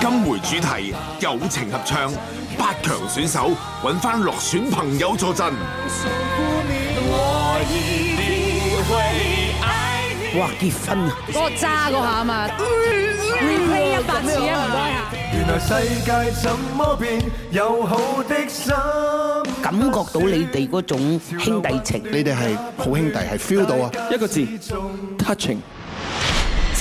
今回主題友情合唱，八強選手揾翻落選朋友助陣。哇！結婚，啊，我揸個下啊嘛，一百次啊，唔該嚇。原來世界怎麼變，感覺到你哋嗰種兄弟情，你哋係好兄弟，係 feel 到啊，一個字，touching。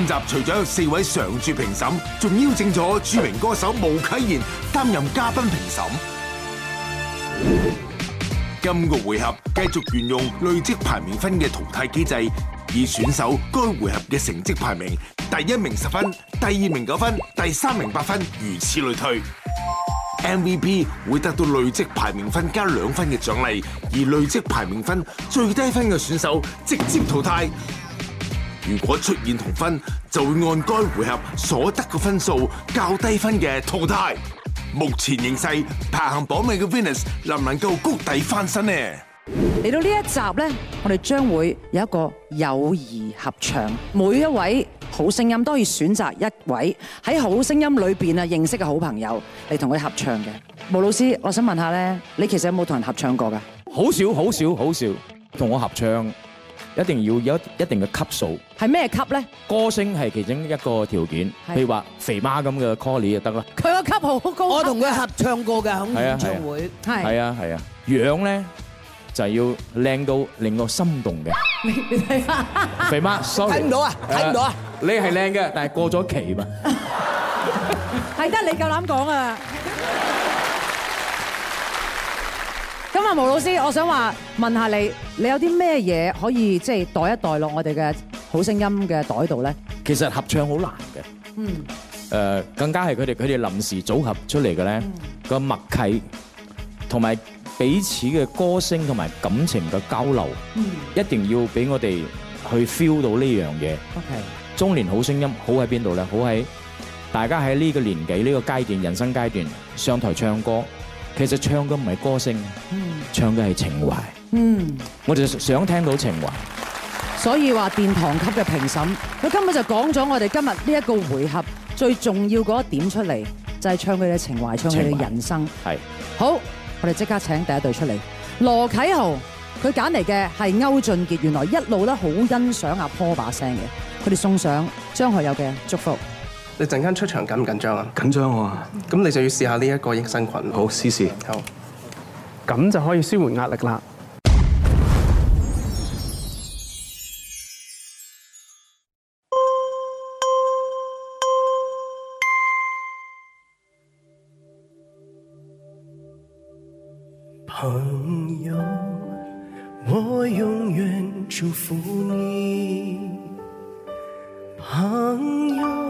今集除咗有四位常駐評審，仲邀請咗著名歌手毛啟賢擔任嘉賓評審。今個回合繼續沿用累積排名分嘅淘汰機制，以選手該回合嘅成績排名，第一名十分，第二名九分，第三名八分，如此類推。MVP 會得到累積排名分加兩分嘅獎勵，而累積排名分最低分嘅選手直接淘汰。如果出現同分，就會按該回合所得嘅分數較低分嘅淘汰。目前形勢，排行榜尾嘅 Venus 能唔能夠谷底翻身呢？嚟到呢一集呢，我哋將會有一個友誼合唱，每一位好聲音都可以選擇一位喺好聲音裏邊啊認識嘅好朋友嚟同佢合唱嘅。毛老師，我想問下呢，你其實有冇同人合唱過噶？好少，好少，好少，同我合唱一定要有一定嘅級數。係咩級咧？歌星係其中一個條件，譬如話肥媽咁嘅 callie 就得啦。佢個級好高，我同佢合唱過㗎，喺演唱會。係啊係啊，樣咧就係要靚到令我心動嘅。你睇下，肥媽，sorry，睇唔到啊，睇唔到啊。你係靚嘅，但係過咗期嘛。係得你夠膽講啊！咁啊，毛老師，我想話問下你，你有啲咩嘢可以即係袋一袋落我哋嘅好聲音嘅袋度咧？其實合唱好難嘅，嗯，誒更加係佢哋佢哋臨時組合出嚟嘅咧，個默契同埋彼此嘅歌聲同埋感情嘅交流，一定要俾我哋去 feel 到呢樣嘢。OK，中年好聲音好喺邊度咧？好喺大家喺呢個年紀呢個階段人生階段上台唱歌。其實唱嘅唔係歌聲，唱嘅係情懷。嗯，我哋想聽到情懷。所以話殿堂級嘅評審，佢根本就講咗我哋今日呢一個回合最重要嗰一點出嚟，就係唱佢嘅情懷，唱佢嘅人生。係好，我哋即刻請第一隊出嚟。羅啟豪佢揀嚟嘅係區俊傑，原來一路都好欣賞阿波把聲嘅。佢哋送上張學友嘅祝福。你陣間出場緊唔緊張啊？緊張啊！咁你就要試下呢一個益生菌。好，試試。好，咁就可以舒緩壓力啦。朋友，我永遠祝福你。朋友。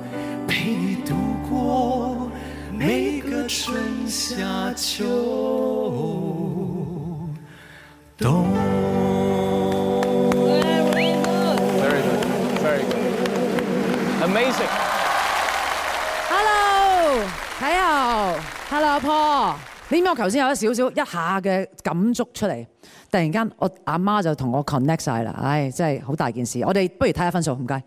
陪你度過每個春夏秋冬。Very good, very good, very good, Amazing. Hello, hello, hello, 阿婆。呢邊我頭先有一少少一下嘅感觸出嚟，突然間我阿媽就同我 connect 晒啦，唉，真係好大件事。我哋不如睇下分數，唔該。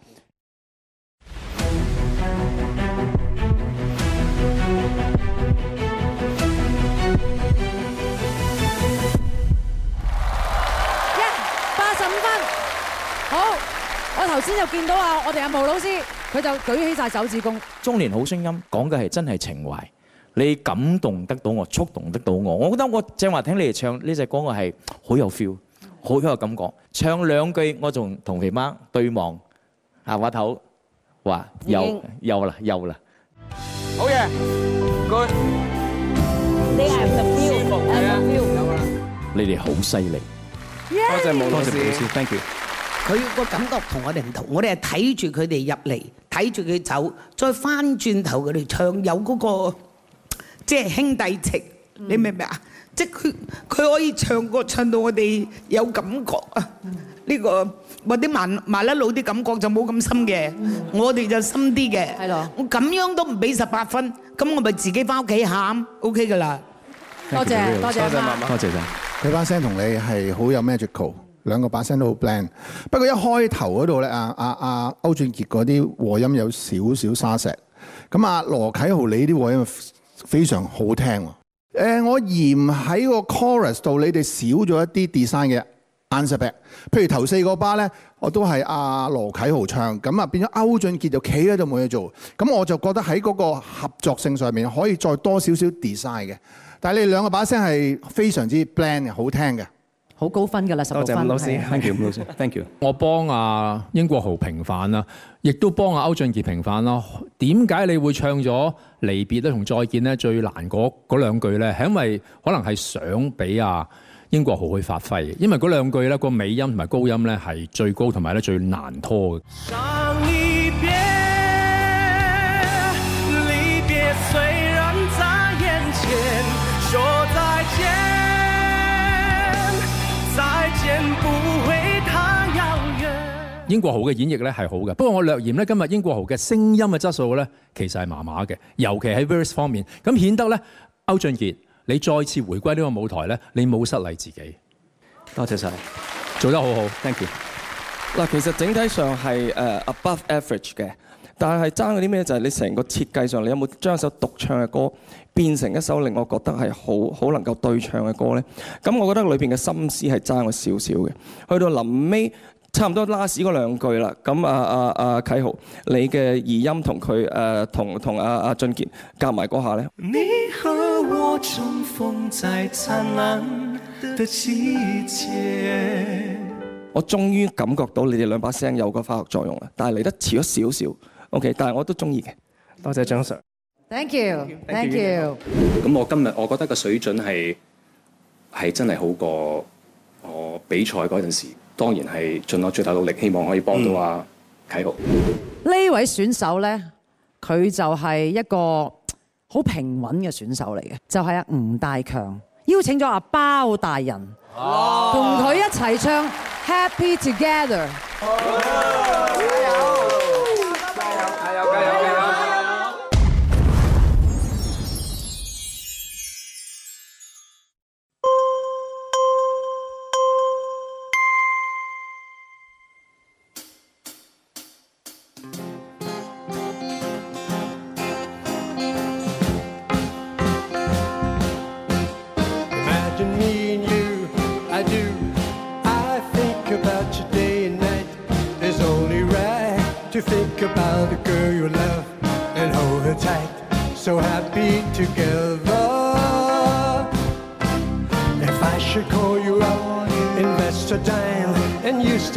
好，我頭先就見到啊，我哋阿毛老師佢就舉起晒手指公。中年好聲音講嘅係真係情懷，你感動得到我，觸動得到我。我覺得我正話聽你哋唱呢隻歌，我係好有 feel，好有感覺。唱兩句我仲同肥媽對望，阿瓜頭話有有啦，有啦。好嘢，跟。第二十秒，係啊，有啦。你哋好犀利，多謝毛老師，Thank you。佢個感覺同我哋唔同，我哋係睇住佢哋入嚟，睇住佢走，再翻轉頭佢哋唱，有嗰個即係兄弟情，你明唔明啊？即係佢佢可以唱歌唱到我哋有感覺啊！呢個或啲麻麻甩佬啲感覺就冇咁深嘅，我哋就深啲嘅。係咯，我咁樣都唔俾十八分，咁我咪自己翻屋企喊，OK 噶啦。多謝多謝多謝媽媽，多謝曬佢把聲同你係好有 magical。兩個把聲都好 blend，不過一開頭嗰度咧，啊啊啊歐俊傑嗰啲和音有少少沙石，咁、嗯、啊羅啟豪你啲和音非常好聽喎、呃。我嫌喺個 chorus 度你哋少咗一啲 design 嘅 answer back。譬如頭四個巴咧，我都係阿、啊、羅啟豪唱，咁、嗯、啊變咗歐俊傑就企喺度冇嘢做，咁、嗯、我就覺得喺嗰個合作性上面可以再多少少 design 嘅。但係你哋兩個把聲係非常之 blend 嘅，好聽嘅。好高分噶啦，十個分。多謝老師，thank you，老師，thank you。Thank you. 我幫阿、啊、英國豪平反啦、啊，亦都幫阿、啊、區俊傑平反啦、啊。點解你會唱咗離別咧同再見咧最難嗰兩句咧？係因為可能係想俾阿、啊、英國豪去發揮，因為嗰兩句咧、嗰個尾音同埋高音咧係最高同埋咧最難拖嘅。羅啟豪嘅演繹咧係好嘅，不過我略嫌咧今日羅啟豪嘅聲音嘅質素咧其實係麻麻嘅，尤其喺 verse 方面，咁顯得咧區俊傑，你再次回歸呢個舞台咧，你冇失禮自己。多謝晒，你做得好好，thank you。嗱，其實整體上係誒 above average 嘅，但係爭嗰啲咩就係你成個設計上，你有冇將一首獨唱嘅歌變成一首令我覺得係好好能夠對唱嘅歌咧？咁我覺得裏邊嘅心思係爭咗少少嘅，去到臨尾。差唔多 last 嗰兩句啦，咁啊啊啊啟豪，你嘅二音同佢誒同同阿阿俊傑夾埋嗰下咧，我終於感覺到你哋兩把聲有個化學作用啦，但係嚟得遲咗少少，OK，但係我都中意嘅，多謝張 Sir，Thank you，Thank you，咁 you. you. you. 我今日我覺得個水準係係真係好過。我比賽陣時當然係盡我最大努力，希望可以幫到阿啟豪。呢位選手咧，佢就係一個好平穩嘅選手嚟嘅，就係阿吳大強邀請咗阿包大人同佢一齊唱《Happy Together》。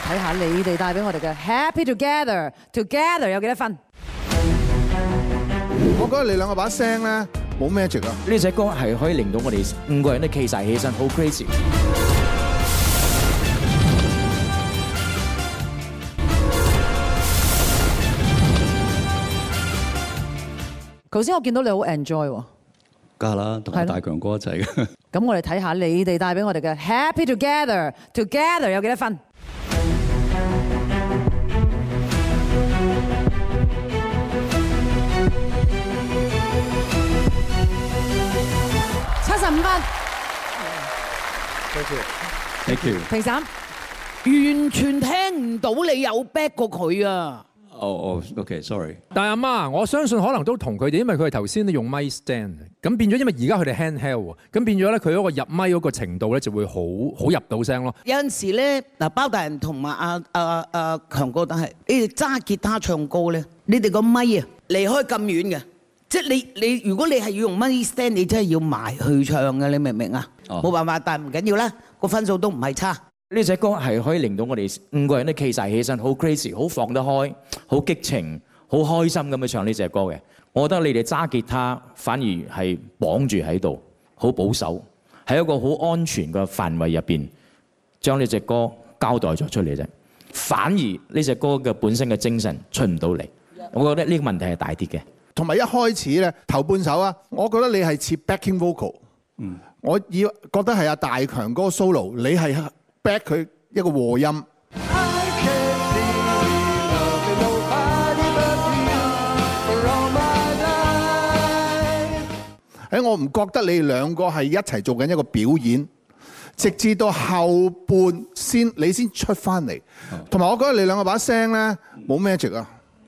睇下你哋帶俾我哋嘅 Happy Together Together 有幾多分？我覺得你兩個把聲咧冇咩錯啊！呢隻歌係可以令到我哋五個人都企晒起身，好 crazy！頭先我見到你好 enjoy 喎，梗係啦，同大強哥一齊嘅。咁我哋睇下你哋帶俾我哋嘅 Happy Together Together 有幾多分？多謝，thank you, Thank you。評審完全聽唔到你有 back 過佢啊！哦、oh, 哦、oh,，OK，sorry、okay,。但係阿媽，我相信可能都同佢哋，因為佢係頭先都用 mic stand，咁變咗，因為而家佢哋 hand held，咁變咗咧，佢嗰個入咪嗰個程度咧就會好好入到聲咯。有陣時咧，嗱，包大人同埋阿阿阿強哥都係，你哋揸吉他唱歌咧，你哋個咪啊，離 開咁遠嘅。即係你你如果你係要用 mustang，你真係要埋去唱嘅，你明唔明啊？冇、oh. 辦法，但係唔緊要啦。個分數都唔係差。呢隻歌係可以令到我哋五個人都企晒起身，好 crazy，好放得開，好激情，好開心咁去唱呢隻歌嘅。我覺得你哋揸吉他反而係綁住喺度，好保守，喺一個好安全嘅範圍入邊，將呢隻歌交代咗出嚟啫。反而呢隻歌嘅本身嘅精神出唔到嚟。我覺得呢個問題係大啲嘅。同埋一開始咧頭半首啊，我覺得你係似 backing vocal，、嗯、我以覺得係阿大強個 solo，你係 back 佢一個和音。喺 no,、欸、我唔覺得你兩個係一齊做緊一個表演、嗯，直至到後半先你先出翻嚟，同、嗯、埋我覺得你兩個把聲咧冇咩 magic 啊。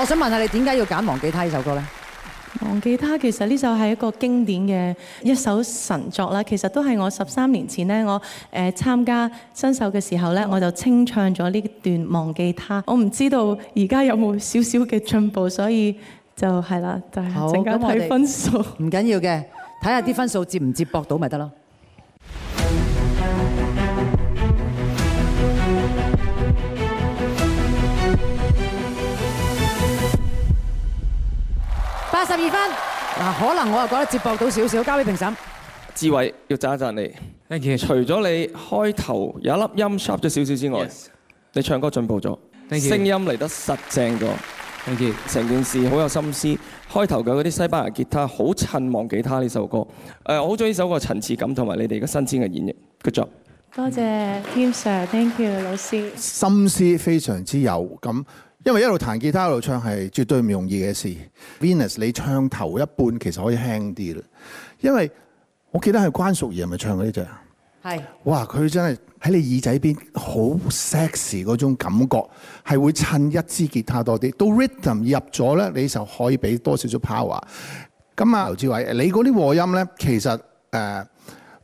我想問下你點解要揀忘記他呢首歌呢？《忘記他》其實呢首係一個經典嘅一首神作啦。其實都係我十三年前呢，我誒參加新秀嘅時候呢，我就清唱咗呢段忘記他。我唔知道而家有冇少少嘅進步，所以就係啦，就係陣間睇分數。唔 緊要嘅，睇下啲分數接唔接駁到咪得咯。八十二分，嗱可能我又覺得接駁到少少，交俾評審。志偉，要讚一讚你，你，你。Thank you，除咗你開頭有一粒音 sharp 咗少少之外，你唱歌進步咗，聲音嚟得實正咗。Thank you，成件事好有心思，開頭嘅嗰啲西班牙吉他好襯望吉他呢首歌。誒，我好中意呢首歌層次感同埋你哋嘅新鮮嘅演繹。Good job！多謝 Tim Sir，Thank you，老師謝謝。心思非常之有咁。因為一路彈吉他一路唱係絕對唔容易嘅事。Venus，你唱頭一半其實可以輕啲啦，因為我記得係關淑怡係咪唱嗰啲隻？係，哇！佢真係喺你耳仔邊好 sexy 嗰種感覺，係會襯一支吉他多啲。到 rhythm 入咗咧，你就可以俾多少少 power。咁啊，劉智衛，你嗰啲和音咧，其實誒、呃、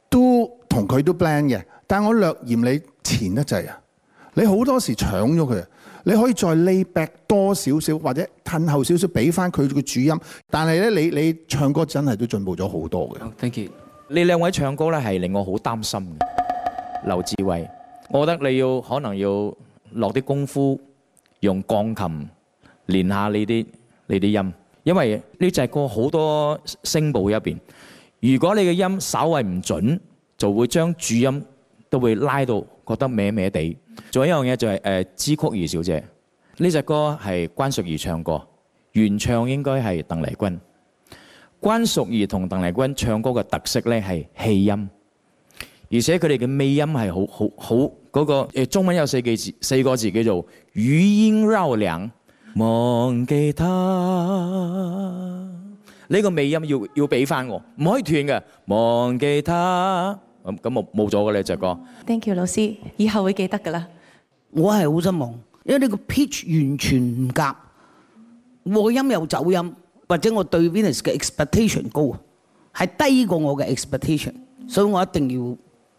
都同佢都 blend 嘅，但我略嫌你前得滯啊，你好多時搶咗佢。你可以再呢 a 多少少或者褪後少少，俾翻佢個主音。但係咧，你你唱歌真係都進步咗好多嘅。Thank you。呢兩位唱歌咧係令我好擔心嘅，劉志偉，我覺得你要可能要落啲功夫，用鋼琴練下呢啲呢啲音，因為呢隻歌好多聲部入邊，如果你嘅音稍為唔準，就會將主音。都會拉到，覺得咩咩地。仲有一樣嘢就係、是、誒《知、呃、曲如小姐》呢隻歌係關淑怡唱過，原唱應該係鄧麗君。關淑怡同鄧麗君唱歌嘅特色咧係氣音，而且佢哋嘅尾音係好好好嗰個誒中文有四個字，四個字叫做餘音繞梁。忘記他呢個尾音要要俾返我，唔可以斷嘅。忘記他。這個咁咁冇冇咗嘅咧，鄭哥。Thank you，老師，以後會記得㗎啦。我係好失望，因為呢個 pitch 完全唔夾，和音又走音，或者我對 Venus 嘅 expectation 高，係低過我嘅 expectation，所以我一定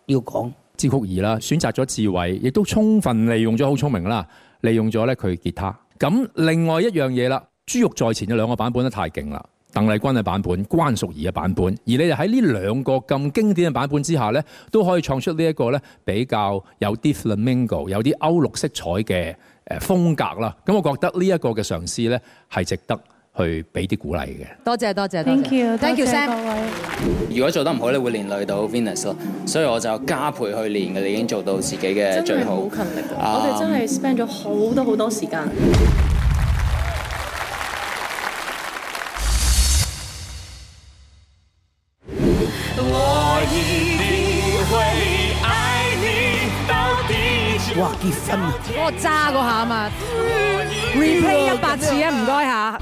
要要講。支嚳儀啦，選擇咗智衛，亦都充分利用咗好聰明啦，利用咗咧佢吉他。咁另外一樣嘢啦，《豬肉在前》嘅兩個版本都太勁啦。鄧麗君嘅版本、關淑怡嘅版本，而你哋喺呢兩個咁經典嘅版本之下咧，都可以創出呢一個咧比較有 flamenco 有啲歐陸色彩嘅誒風格啦。咁我覺得呢一個嘅嘗試咧係值得去俾啲鼓勵嘅。多謝多謝，thank you，thank you，Sam。如果做得唔好，你會連累到 Venus 咯，所以我就加倍去練嘅。你已經做到自己嘅最好。真係好勤力，um, 我哋真係 spend 咗好多好多時間。哇！結婚啊！幫我揸嗰下啊嘛！repeat 一百次啊！唔該下。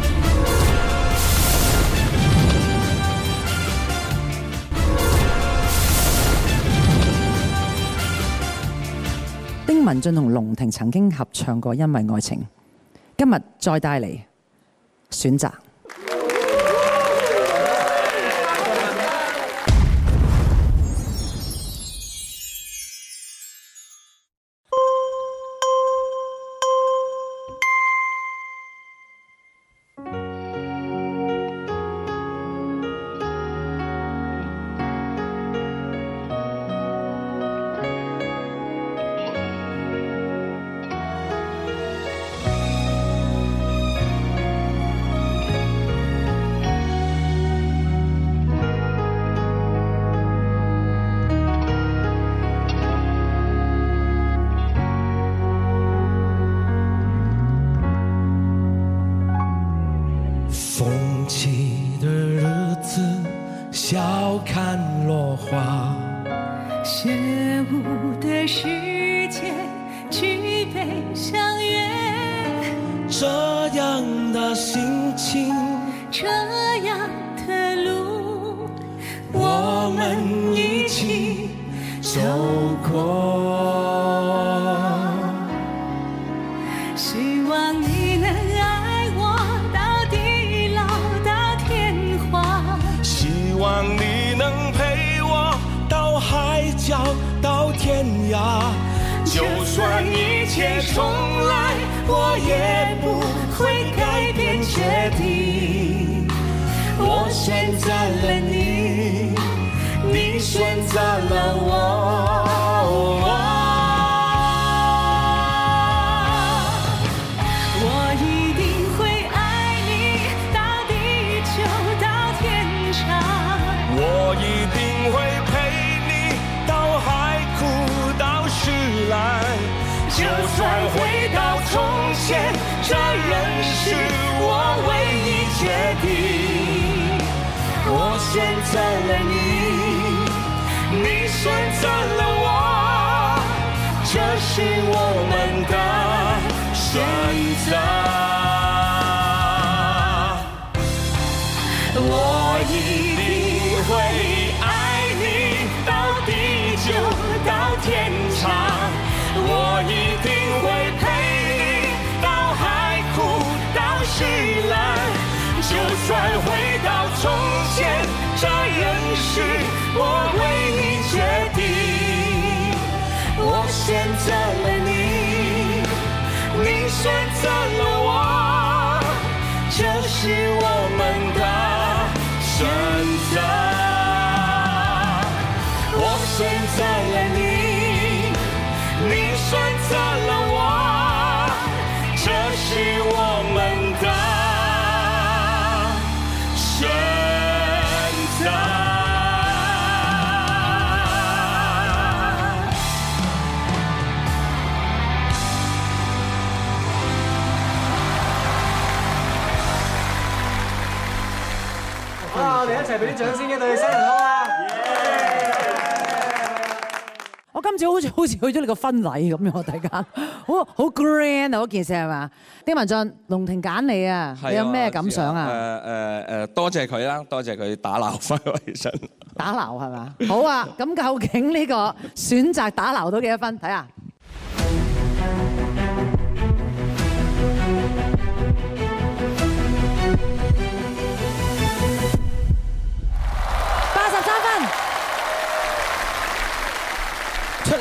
丁文俊同龍婷曾經合唱過《因為愛情》，今日再帶嚟《選擇》。俾啲掌聲嘅對新人啊，我今次好似好似去咗你個婚禮咁樣，大家好好 grand 啊！件事係嘛？丁文俊，龍婷揀你啊！你有咩感想啊？誒誒誒，多謝佢啦，多謝佢打鬧翻我起身。打鬧係嘛？好啊！咁究竟呢個選擇打鬧到幾多分？睇下。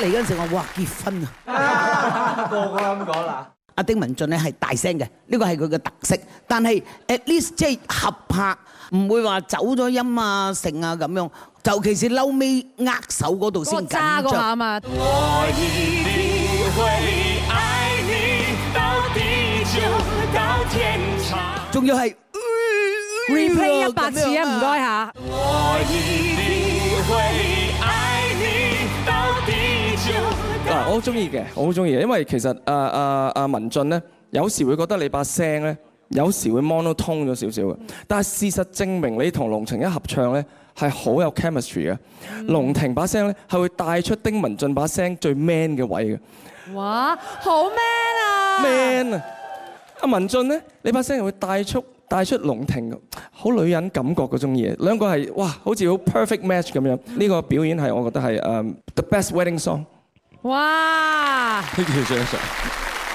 嚟嗰陣時，我哇結婚啊！個個咁講啦。阿丁文俊咧係大聲嘅，呢個係佢嘅特色。但係 at least 即係合拍，唔會話走咗音啊，成啊咁樣。尤其是嬲尾握手嗰度先緊張。我揸過下啊嘛。仲要係 repeat 一百次啊，唔該嚇。我以你為。我好中意嘅，我好中意嘅，因為其實阿阿阿文俊咧，有時會覺得你把聲咧，有時會 monotone 咗少少嘅，但係事實證明你同龍婷一合唱咧，係好有 chemistry 嘅。龍婷把聲咧係會帶出丁文俊把聲最 man 嘅位嘅、啊。哇，好 man 啊！man 啊！阿文俊咧，你把聲係會帶出帶出龍婷好女人感覺嗰種嘢，兩個係哇，好似好 perfect match 咁樣。呢個表演係我覺得係誒 the best wedding song。哇！要應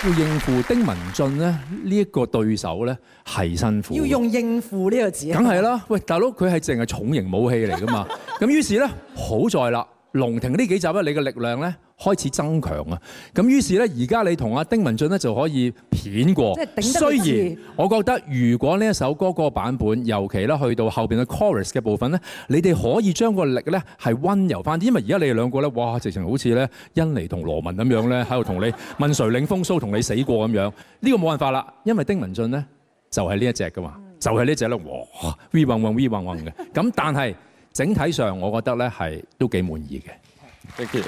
要應付丁文俊呢一個對手呢？係辛苦的，要用應付呢個字。梗係啦，喂，大佬佢係淨係重型武器嚟㗎嘛？咁於是呢，好在啦。龍婷呢幾幾集咧，你嘅力量咧開始增強啊！咁於是咧，而家你同阿丁文俊咧就可以片過。雖然我覺得，如果呢一首歌嗰個版本，尤其咧去到後面嘅 chorus 嘅部分咧，你哋可以將個力咧係温柔翻啲，因為而家你哋兩個咧，哇，直情好似咧甄妮同羅文咁樣咧，喺度同你問誰領風騷，同你死過咁樣。呢個冇辦法啦，因為丁文俊咧就係呢一隻噶嘛，就係呢隻咧，哇，we wang wang we wang wang 嘅。咁但係整體上，我覺得咧係都幾滿意嘅。謝傑，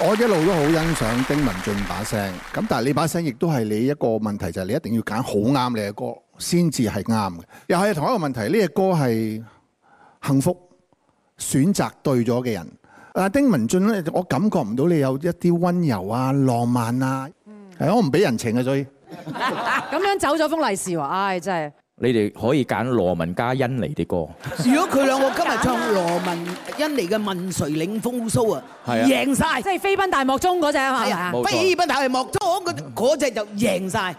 我一路都好欣賞丁文俊把聲。咁但係你把聲亦都係你一個問題，就係你一定要揀好啱你嘅歌先至係啱嘅。又係同一個問題，呢隻歌係幸福選擇對咗嘅人。啊，丁文俊咧，我感覺唔到你有一啲温柔啊、浪漫啊。嗯。係我唔俾人情啊，所以。咁樣走咗封利是喎，唉，真係。你哋可以揀羅文加甄妮啲歌。如果佢兩個今日唱羅文甄妮嘅《問誰領風騷》啊，贏晒即係飛奔大漠中嗰隻係啊，飛奔大漠中嗰嗰隻就贏晒。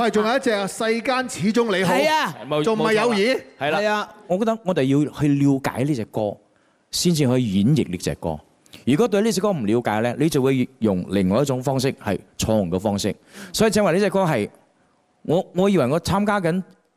喂，仲有一隻啊，《世間始終你好》。係啊，仲唔係友誼？係啦。係啊，我覺得我哋要去了解呢隻歌，先至可以演繹呢隻歌。如果對呢隻歌唔了解咧，你就會用另外一種方式係錯誤嘅方式。所以正話呢隻歌係我，我以為我參加緊。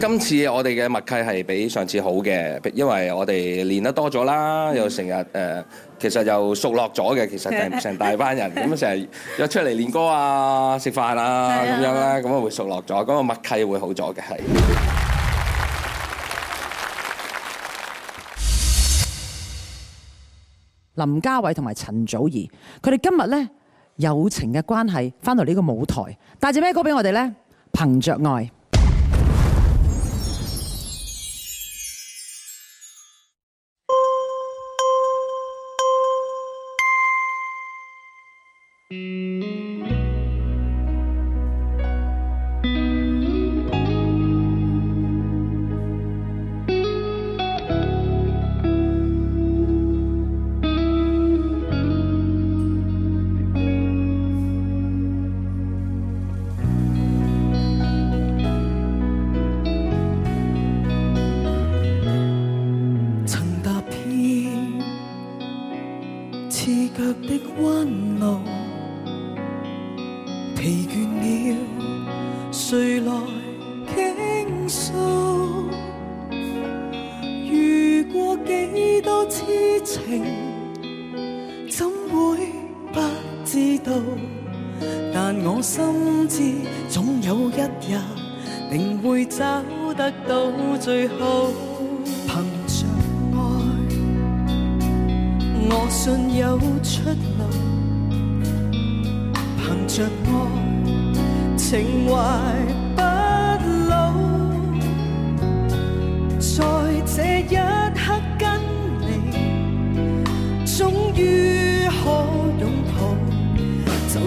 今次我哋嘅默契係比上次好嘅，因為我哋練得多咗啦，又成日誒，其實又熟落咗嘅。其實就成大班人咁成日約出嚟練歌啊、食飯啊咁樣啦，咁啊會熟落咗，咁啊默契會好咗嘅係。林家偉同埋陳祖兒，佢哋今日呢，友情嘅關係翻到呢個舞台，帶住咩歌俾我哋呢？憑着愛。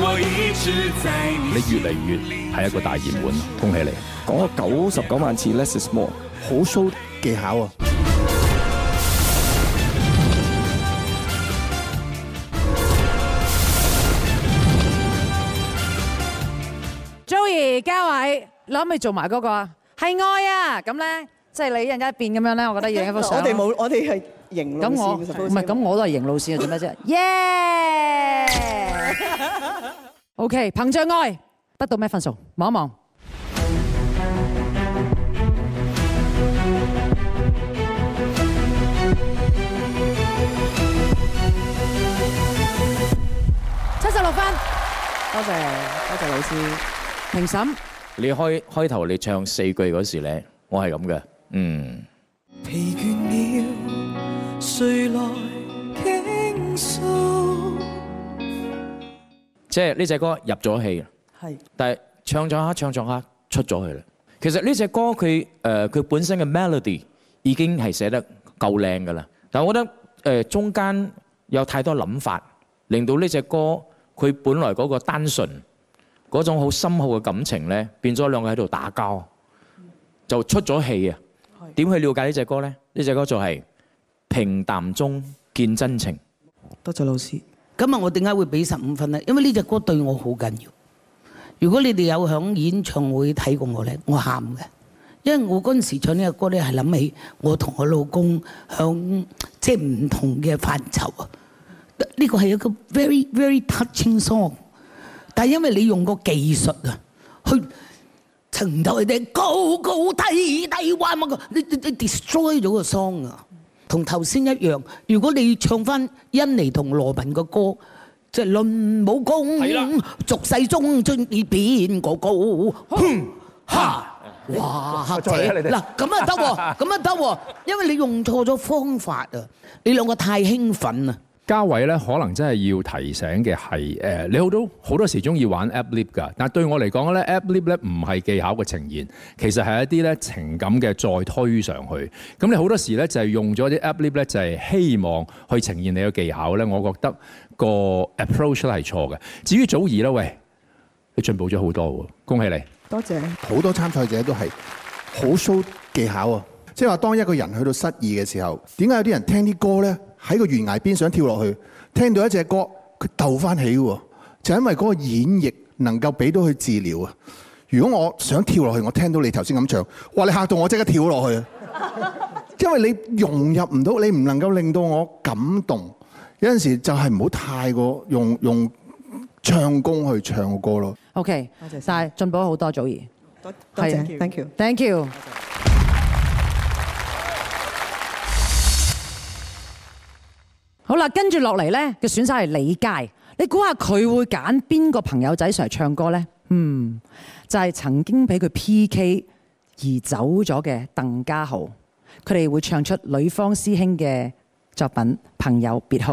你越嚟越係一個大熱門，恭喜你！講咗九十九萬次，less is more，好 show 技巧啊！Joey，嘉偉，你諗唔諗做埋嗰個啊？係愛啊！咁咧，即係你一陣間變咁樣咧，我覺得影一幅相。我哋冇，我哋係。咁我唔係，咁我都係贏老師啊！做咩啫？Yeah！OK，憑著愛得到咩分數？望一望？七十六分，多謝多謝老師評審。你開開頭你唱四句嗰時咧，我係咁嘅，嗯。疲倦了，誰來傾訴？即係呢隻歌入咗戲啦，係，但係唱咗下，唱咗下出咗去啦。其實呢隻歌佢、誒，佢本身嘅 melody 已經係寫得夠靚噶啦。但係我覺得誒，中間有太多諗法，令到呢隻歌佢本來嗰個單純嗰種好深厚嘅感情咧，變咗兩個喺度打交，就出咗戲啊！點去了解呢隻歌呢？呢隻歌就係平淡中見真情。多謝老師。今日我點解會俾十五分呢？因為呢隻歌對我好緊要。如果你哋有響演唱會睇過我呢，我喊嘅，因為我嗰陣時唱呢隻歌呢，係諗起我同我老公響即係唔同嘅範疇啊。呢個係一個 very very touching song，但係因為你用個技術啊去。唱唔到佢哋高高低低，哇！乜嘅？你你你 destroy 咗個 song 啊！同頭先一樣。如果你唱翻甄妮同羅文嘅歌，即係論武功，俗世中尊與邊個高？哼！哈！哇！客者嗱，咁啊得，咁啊得，因為你用錯咗方法啊！你兩個太興奮啊！嘉偉咧，可能真係要提醒嘅係，誒、呃，你好多好多時中意玩 ad-lib 噶，但對我嚟講咧，ad-lib 咧唔係技巧嘅呈現，其實係一啲咧情感嘅再推上去。咁你好多時咧就係用咗啲 ad-lib 咧，就係希望去呈現你嘅技巧咧。我覺得個 approach 係錯嘅。至於祖兒啦，喂，你進步咗好多喎，恭喜你！多謝。好多參賽者都係好 show 技巧啊！即係話，當一個人去到失意嘅時候，點解有啲人聽啲歌咧？喺個懸崖邊想跳落去，聽到一隻歌，佢竇返起喎，就因為嗰個演繹能夠俾到佢治療啊！如果我想跳落去，我聽到你頭先咁唱，哇！你嚇到我即刻跳落去啊！ 因為你融入唔到，你唔能夠令到我感動。有陣時就係唔好太過用用唱功去唱歌咯。OK，多謝晒，進步好多，祖兒，多謝，Thank you，Thank you。謝謝。好啦，跟住落嚟呢，嘅選手係李佳，你估下佢會揀邊個朋友仔上嚟唱歌呢？嗯，就係、是、曾經俾佢 P K 而走咗嘅鄧家豪，佢哋會唱出呂方師兄嘅作品《朋友別哭》。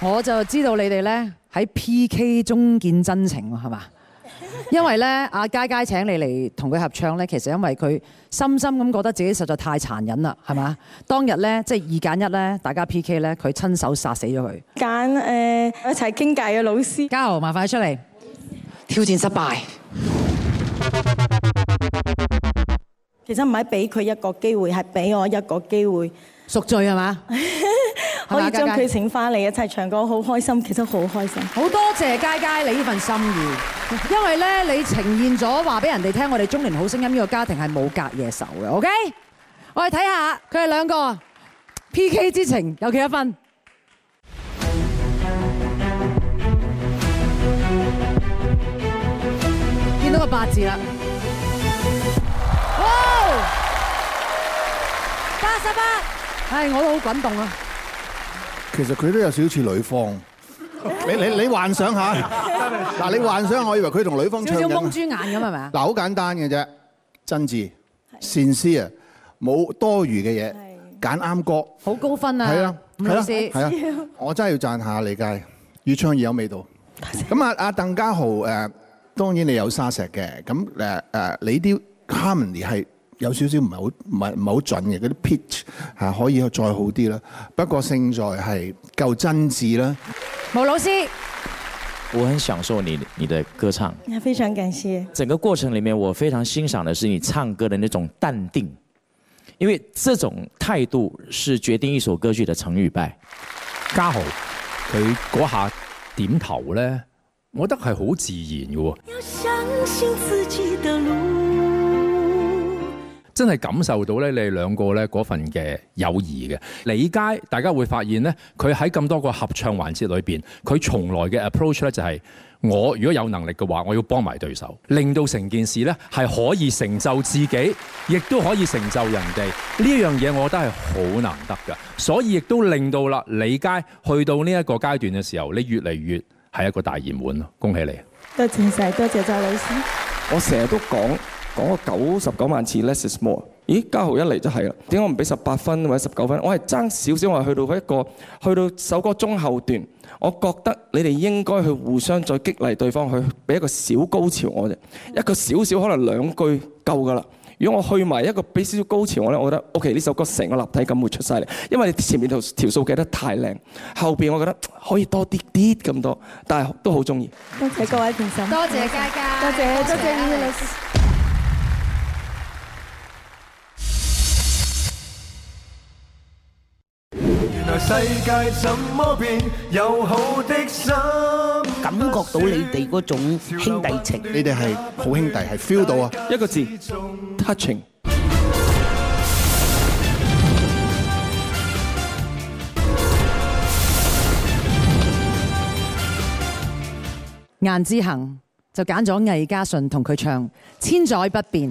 我就知道你哋呢，喺 P K 中見真情，係嘛？ 因為呢，阿佳佳請你嚟同佢合唱呢，其實因為佢深深咁覺得自己實在太殘忍啦，係嘛？ 當日呢，即係二揀一呢，大家 P K 呢，佢親手殺死咗佢揀誒一齊傾偈嘅老師，家豪麻煩出嚟挑戰失敗。其實唔係俾佢一個機會，係俾我一個機會。贖罪係嘛？可以將佢請翻嚟一齊唱歌，好開心，其實好開心。好多謝佳佳你呢份心意，因為咧你呈現咗話俾人哋聽，我哋中年好聲音呢個家庭係冇隔夜仇嘅。OK，我哋睇下佢哋兩個 PK 之情有幾多分？見到個八字啦，哇，八十八。唉，我都好感動啊！其實佢都有少少似女方你，你你你幻想下，嗱你幻想，我以為佢同女方唱。好似蒙豬眼咁係咪啊？嗱，好簡單嘅啫，真摯、善思啊，冇多餘嘅嘢，揀啱歌，好高分啊！係啊，唔好意思，係啊，我真係要讚下李佳，越唱越有味道。咁啊啊，鄧家豪誒，當然你有沙石嘅，咁誒誒，你啲 comment 係。有少少唔係好唔係唔係好準嘅，嗰啲 pitch 啊可以再好啲啦。不過勝在係夠真摯啦。毛老師，我很享受你你的歌唱。非常感謝。整個過程裡面，我非常欣賞的是你唱歌的那種淡定，因為這種態度是決定一首歌曲的成與敗。家豪佢嗰下點頭咧，我覺得係好自然嘅喎。要相信自己嘅路。真係感受到咧，你哋兩個咧嗰份嘅友誼嘅李佳，大家會發現咧，佢喺咁多個合唱環節裏邊，佢從來嘅 approach 咧就係我如果有能力嘅話，我要幫埋對手，令到成件事咧係可以成就自己，亦都可以成就人哋呢樣嘢。我覺得係好難得㗎，所以亦都令到啦李佳去到呢一個階段嘅時候，你越嚟越係一個大熱門咯。恭喜你！多謝曬，多謝周老師。我成日都講。講個九十九萬次，less is more。咦，家豪一嚟就係啦。點解我唔俾十八分或者十九分？分我係爭少少，我係去到一個，去到首歌中後段，我覺得你哋應該去互相再激勵對方，去俾一個小高潮我啫。一個少少可能兩句夠噶啦。如果我去埋一個俾少少高潮我咧，我覺得 OK。呢首歌成個立體感會出晒嚟，因為你前面條條數記得太靚，後面我覺得可以多啲啲咁多，但係都好中意。多謝各位評審，多謝佳佳，多謝周正世界怎麼變，好心。感覺到你哋嗰種兄弟情，你哋係好兄弟，係 feel 到啊！一個字，touching。顏志恒就揀咗魏嘉信同佢唱《千載不變》。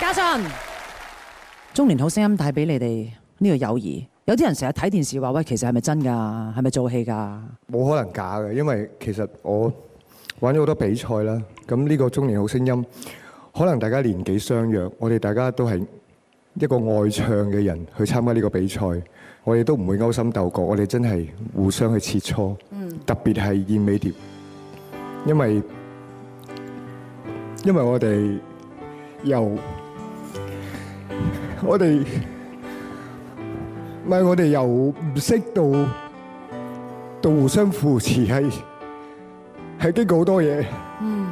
嘉信中年好聲音帶俾你哋呢個友誼。有啲人成日睇電視話喂，其實係咪真㗎？係咪做戲㗎？冇可能假嘅，因為其實我玩咗好多比賽啦。咁呢個中年好聲音，可能大家年紀相若，我哋大家都係一個愛唱嘅人去參加呢個比賽。我哋都唔會勾心鬥角，我哋真係互相去切磋。特別係燕尾蝶，因為因為我哋又。我哋唔係，我哋由唔識到到互相扶持，係係經過好多嘢。嗯，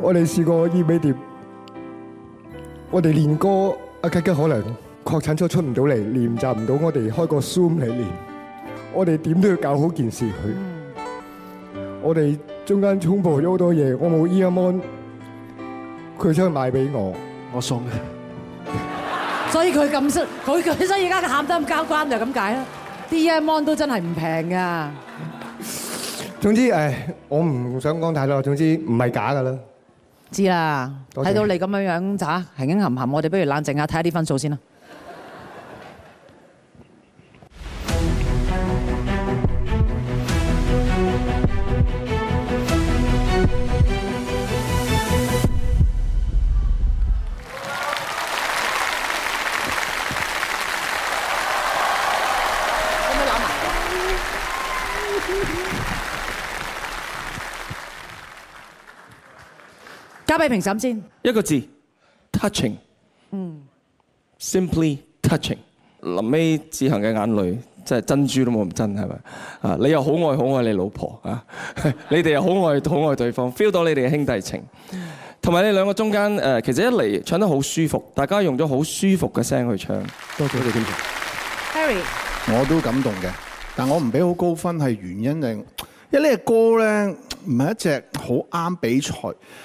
我哋試過耳麥碟，我哋練歌，阿吉吉可能確診咗出唔到嚟，練習唔到，我哋開個 Zoom 嚟練，我哋點都要搞好件事佢。我哋中間衝破咗好多嘢，我冇耳 mon，佢想買俾我，我送嘅。所以佢咁出，佢佢所以而家佢喊得咁交關就咁解啦。啲 mon 都真係唔平㗎。總之誒，我唔想講太多。總之唔係假㗎啦。知啦，睇到你咁樣樣咋，行行行行，我哋不如冷靜下，睇下啲分數先啦。俾評審先一個字，touching。嗯，simply touching。臨尾志恒嘅眼淚真係珍珠都冇咁真係咪？啊，你又好愛好愛你老婆啊，你哋又好愛好愛對方，feel 到你哋嘅兄弟情。同埋你兩個中間誒，其實一嚟唱得好舒服，大家用咗好舒服嘅聲去唱。多謝你支持，Harry。我都感動嘅，但我唔俾好高分係原因定？因為呢個歌咧，唔係一隻好啱比賽，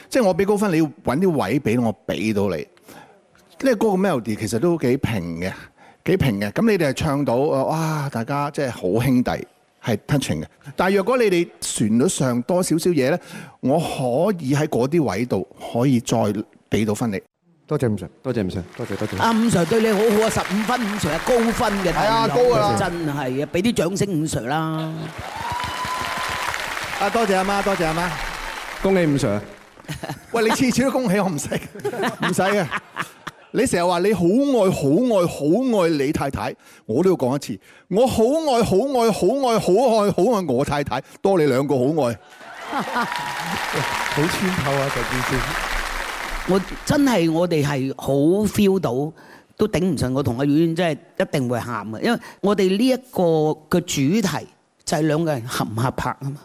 即係我俾高分，你要揾啲位俾我，俾到你。呢個歌嘅 melody 其實都幾平嘅，幾平嘅。咁你哋係唱到，哇！大家即係好兄弟，係 touching 嘅。但係若果你哋旋律上多少少嘢咧，我可以喺嗰啲位度可以再俾到分你。多謝五 Sir，多謝五 Sir，多謝多謝。阿五 Sir 對你好好啊，十五分五 Sir 係高分嘅，係啊，高㗎啦，真係啊，俾啲掌聲五 Sir 啦。啊！多謝阿媽，媽，多謝阿媽，恭喜五上。喂，你次次都恭喜我不用的？唔使，唔使嘅。你成日話你好愛好愛好愛你太太，我都要講一次我，我好愛好愛好愛好愛好愛我太太，多你兩個好愛。好穿透啊！就呢我真係我哋係好 feel 到，都頂唔順。我同阿婉婉真係一定會喊嘅，因為我哋呢一個嘅主題就係兩個人合唔合拍啊嘛。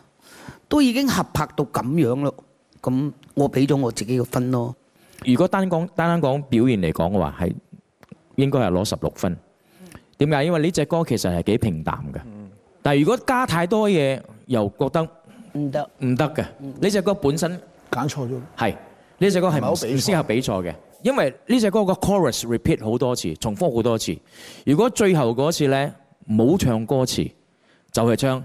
都已經合拍到咁樣咯，咁我俾咗我自己嘅分咯。如果單講單單講表現嚟講嘅話，係應該係攞十六分。點解？因為呢隻歌其實係幾平淡嘅。但係如果加太多嘢，又覺得唔得唔得嘅。呢隻歌本身揀錯咗。係呢隻歌係唔適合比賽嘅，因為呢隻歌個 chorus repeat 好多次，重複好多次。如果最後嗰次呢冇唱歌詞，就係唱。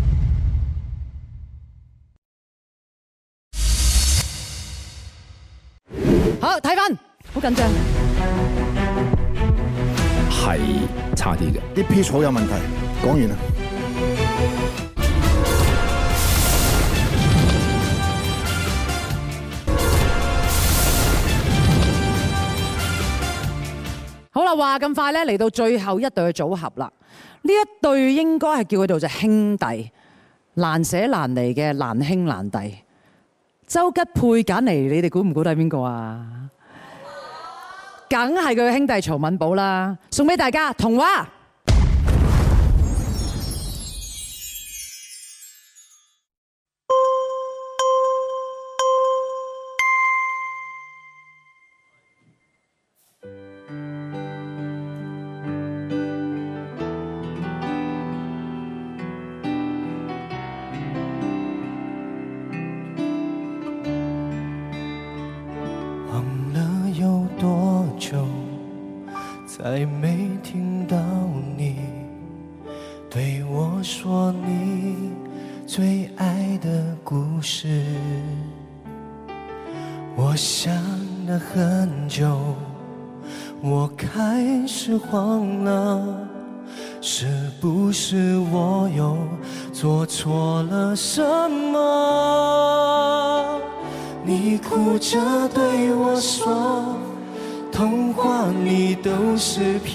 睇翻，好緊張的好，係差啲嘅，啲皮草有問題。講完啦。好啦，話咁快咧，嚟到最後一對嘅組合啦。呢一對應該係叫佢做隻兄弟，難捨難離嘅難兄難弟。周吉佩揀嚟，你哋估唔估得邊個啊？梗係佢兄弟曹敏寶啦，送俾大家童話。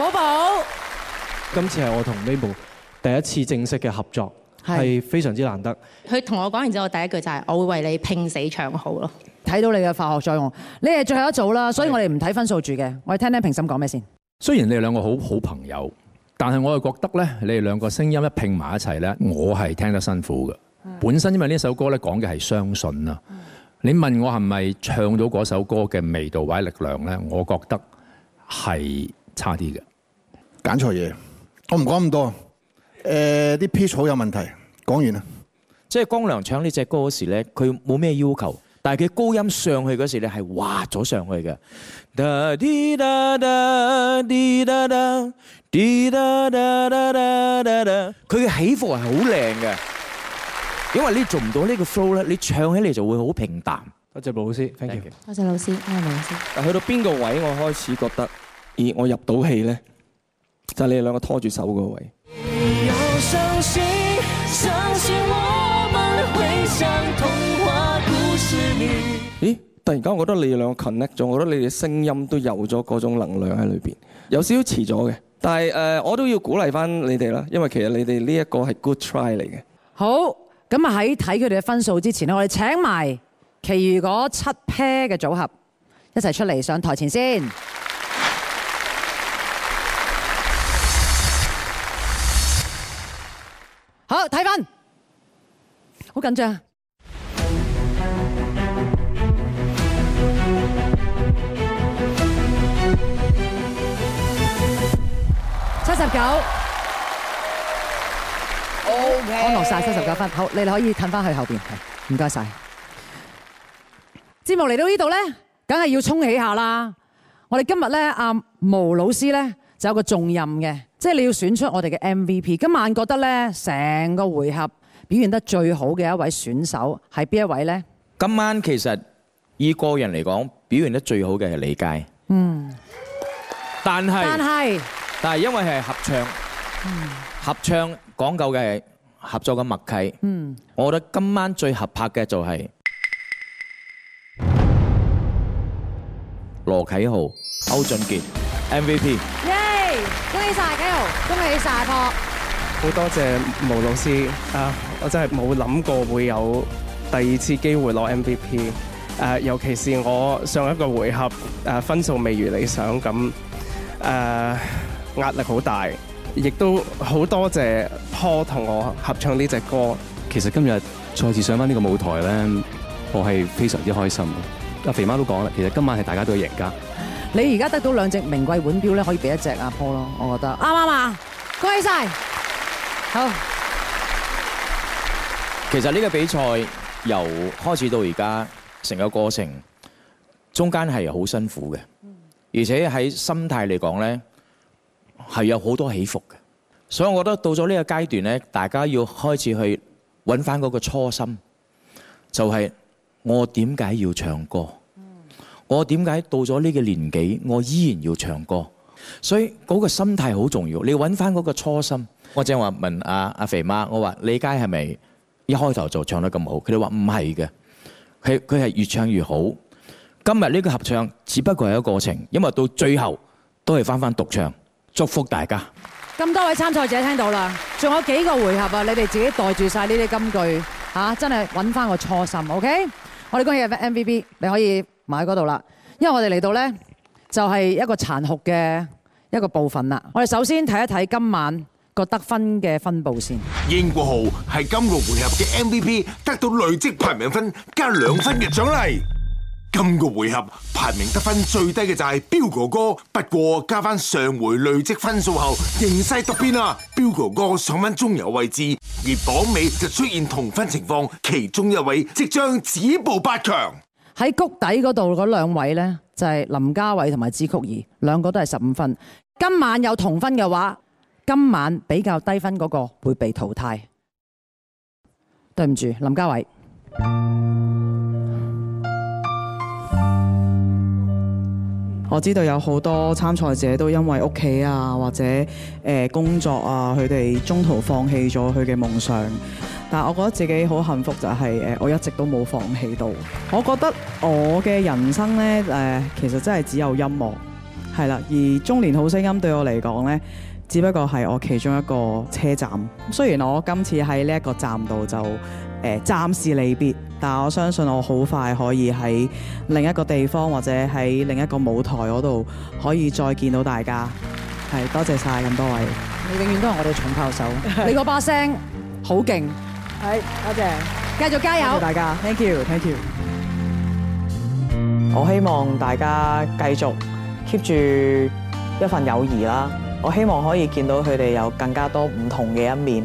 寶寶，今次係我同 Mabel 第一次正式嘅合作，係非常之難得。佢同我講完之後，我第一句就係、是：我會為你拼死唱好咯。睇到你嘅化學作用，你係最後一組啦，所以我哋唔睇分數住嘅，我哋聽聽評審講咩先。雖然你哋兩個好好朋友，但係我又覺得咧，你哋兩個聲音一拼埋一齊咧，我係聽得辛苦嘅。本身因為呢首歌咧講嘅係相信啊。你問我係咪唱到嗰首歌嘅味道或者力量咧，我覺得係差啲嘅。揀錯嘢，我唔講咁多。誒，啲 pitch 好有問題。講完啦。即係光良唱呢隻歌嗰時咧，佢冇咩要求，但係佢高音上去嗰時咧係滑咗上去嘅。他滴噠噠滴噠噠滴噠噠噠噠噠。佢嘅起伏係好靚嘅，因為你做唔到呢個 flow 咧，你唱起嚟就會好平淡。多謝老師，thank you。多謝老師，多謝老師。但係去到邊個位我開始覺得，咦，我入到戲咧？就係你哋兩個拖住手嘅位。咦？突然間我覺得你哋兩個 connect 咗，我覺得你哋聲音都有咗嗰種能量喺裏邊。有少少遲咗嘅，但係誒，我都要鼓勵翻你哋啦，因為其實你哋呢一個係 good try 嚟嘅。好，咁啊喺睇佢哋嘅分數之前咧，我哋請埋其餘嗰七 pair 嘅組合一齊出嚟上台前先。好，睇翻，好緊張，七十九，安樂晒七十九分，好，你可以退返去後面，唔該晒。節目嚟到呢度呢，梗係要衝起下啦。我哋今日呢阿毛老師呢，就有個重任嘅，即係你要選出我哋嘅 MVP。今晚覺得呢成個回合表現得最好嘅一位選手係邊一位呢？今晚其實以個人嚟講，表現得最好嘅係李佳。嗯。但係。但係。但係因為係合唱，合唱講究嘅係合作嘅默契。嗯。我覺得今晚最合拍嘅就係羅啟豪、區俊傑 MVP、yeah。恭喜曬 Gary 恭喜晒。坡！好多謝毛老師，啊！我真係冇諗過會有第二次機會攞 MVP，誒，尤其是我上一個回合誒分數未如理想，咁、呃、誒壓力好大，亦都好多謝坡同我合唱呢隻歌。其實今日再次上返呢個舞台咧，我係非常之開心。阿肥媽都講啦，其實今晚係大家都要贏家。你而家得到兩隻名貴腕表，咧，可以俾一隻阿坡咯，我覺得啱啱啊，恭喜晒！好，其實呢個比賽由開始到而家成個過程，中間係好辛苦嘅，而且喺心態嚟講咧係有好多起伏嘅，所以我覺得到咗呢個階段咧，大家要開始去揾翻嗰個初心，就係我點解要唱歌。我點解到咗呢個年紀，我依然要唱歌？所以嗰個心態好重要。你揾翻嗰個初心。我正話問阿阿肥媽，我話李佳係咪一開頭就唱得咁好？佢哋話唔係嘅，佢佢係越唱越好。今日呢個合唱只不過係一個過程，因為到最後都係翻翻獨唱。祝福大家。咁多位參賽者聽到啦，仲有幾個回合啊？你哋自己袋住晒呢啲金句吓，真係揾翻個初心。OK，我哋恭喜 MVP，你可以，買嗰度啦，因為我哋嚟到呢，就係、是、一個殘酷嘅一個部分啦。我哋首先睇一睇今晚個得分嘅分布先。英國號係今個回合嘅 MVP，得到累積排名分加兩分嘅獎勵。今、這個回合排名得分最低嘅就係彪哥哥，不過加翻上回累積分數後形勢突變啊！彪哥哥上翻中游位置，而榜尾就出現同分情況，其中一位即將止步八強。喺谷底嗰度嗰兩位呢，就係林鉫徫同埋支嚳儀，兩個都係十五分。今晚有同分嘅話，今晚比較低分嗰個會被淘汰。對唔住，林鉫徫。我知道有好多參賽者都因為屋企啊，或者誒工作啊，佢哋中途放棄咗佢嘅夢想。但我覺得自己好幸福，就係誒我一直都冇放棄到。我覺得我嘅人生呢誒，其實真係只有音樂，係啦。而中年好聲音對我嚟講呢，只不過係我其中一個車站。雖然我今次喺呢一個站度就誒暫時離別。但我相信我好快可以喺另一個地方或者喺另一個舞台嗰度可以再見到大家，係多謝晒咁多位，你永遠都係我哋重炮手你的很，你嗰把聲好勁，係多謝，謝，繼續加油，大家，thank you，thank you，我希望大家繼續 keep 住一份友誼啦，我希望可以見到佢哋有更加多唔同嘅一面。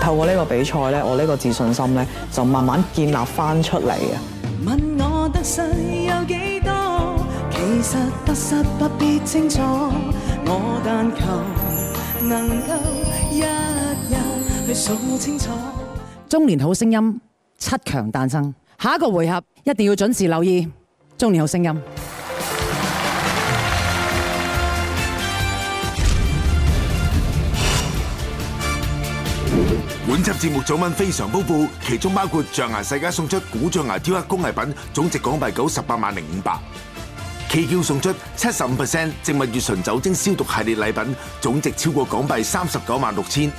透過呢個比賽呢，我呢個自信心呢，就慢慢建立翻出嚟啊！問我得失有幾多？其實得失不必清楚，我但求能夠一日去數清楚。中年好聲音七強誕生，下一個回合一定要準時留意《中年好聲音》。本集節目早聞非常豐富，其中包括象牙世家送出古象牙雕刻工藝品，總值港幣九十八萬零五百；KQ 送出七十五%植物乙醇酒精消毒系列禮品，總值超過港幣三十九萬六千；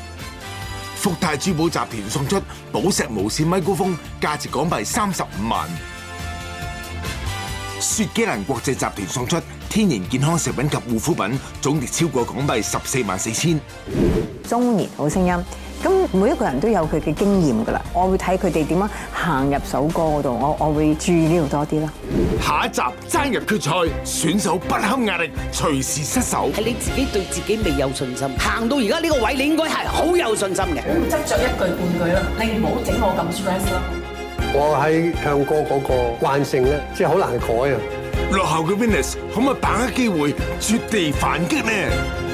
福泰珠寶集團送出寶石無線咪高峰，價值港幣三十五萬；雪肌蘭國際集團送出天然健康食品及護膚品，總值超過港幣十四萬四千。中年好聲音。咁每一個人都有佢嘅經驗噶啦，我會睇佢哋點樣行入首歌嗰度，我我會注意呢度多啲啦。下一集爭入決賽，選手不堪壓力，隨時失手，係你自己對自己未有信心。行到而家呢個位，你應該係好有信心嘅。咁執着一句半句啦，你唔好整我咁 stress 咯。我喺唱歌嗰個慣性咧，即係好難改啊。落後嘅 Venus 可唔可以把握機會，絕地反擊呢？